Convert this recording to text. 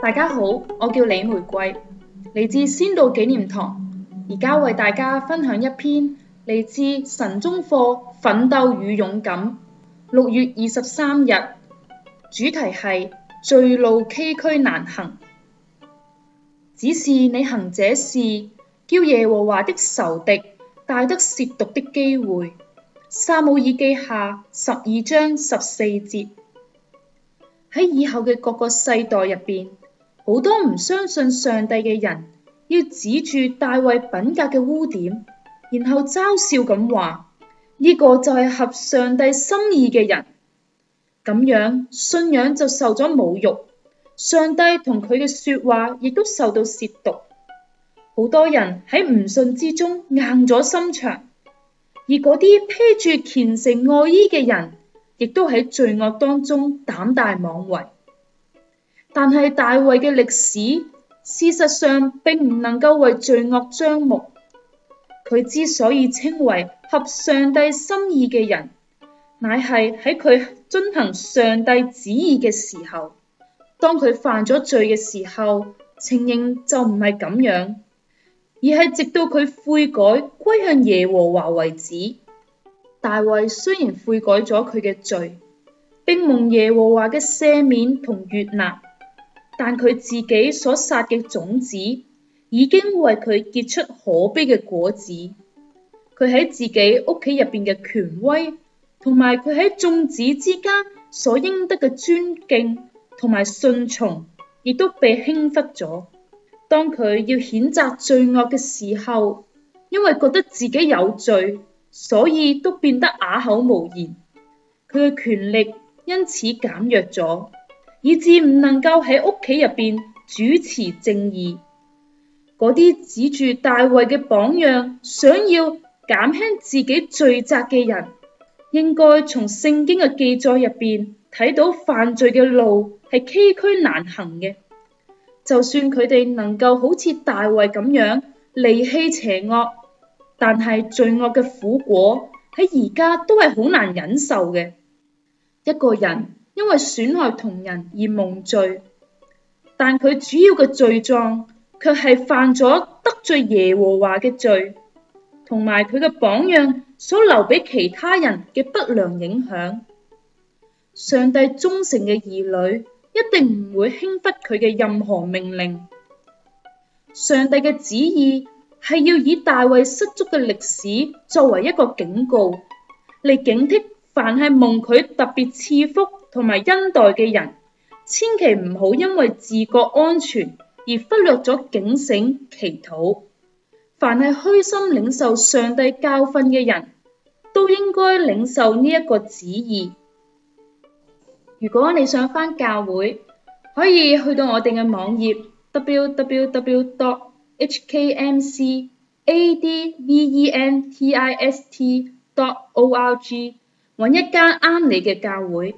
大家好，我叫李玫瑰，嚟自先道紀念堂，而家為大家分享一篇嚟自神中課《奮鬥與勇敢》，六月二十三日，主題係：罪路崎嶇難行，只是你行這事。叫耶和華的仇敵大得褻瀆的機會。撒母耳記下十二章十四節，喺以後嘅各個世代入邊，好多唔相信上帝嘅人，要指住大衛品格嘅污點，然後嘲笑咁話，呢個就係合上帝心意嘅人。咁樣信仰就受咗侮辱，上帝同佢嘅說話亦都受到褻瀆。好多人喺唔信之中硬咗心腸，而嗰啲披住虔誠外衣嘅人，亦都喺罪惡當中膽大妄為。但係大衛嘅歷史事實上並唔能夠為罪惡張目，佢之所以稱為合上帝心意嘅人，乃係喺佢遵行上帝旨意嘅時候，當佢犯咗罪嘅時候，情形就唔係咁樣。而係直到佢悔改歸向耶和華為止。大衛雖然悔改咗佢嘅罪，並蒙耶和華嘅赦免同悅納，但佢自己所殺嘅種子，已經為佢結出可悲嘅果子。佢喺自己屋企入邊嘅權威，同埋佢喺眾子之間所應得嘅尊敬同埋順從，亦都被輕忽咗。當佢要譴責罪惡嘅時候，因為覺得自己有罪，所以都變得啞口無言。佢嘅權力因此減弱咗，以至唔能夠喺屋企入邊主持正義。嗰啲指住大衛嘅榜樣，想要減輕自己罪責嘅人，應該從聖經嘅記載入邊睇到犯罪嘅路係崎嶇難行嘅。就算佢哋能夠好似大衛咁樣離棄邪惡，但係罪惡嘅苦果喺而家都係好難忍受嘅。一個人因為損害同人而蒙罪，但佢主要嘅罪狀卻係犯咗得罪耶和華嘅罪，同埋佢嘅榜樣所留俾其他人嘅不良影響。上帝忠誠嘅兒女。一定唔會輕忽佢嘅任何命令。上帝嘅旨意係要以大衛失足嘅歷史作為一個警告，嚟警惕凡係蒙佢特別賜福同埋恩待嘅人，千祈唔好因為自覺安全而忽略咗警醒祈禱。凡係虛心領受上帝教訓嘅人都應該領受呢一個旨意。如果你想返教會，可以去到我哋嘅網頁 www.hkmcadventist.org，揾一間啱你嘅教會。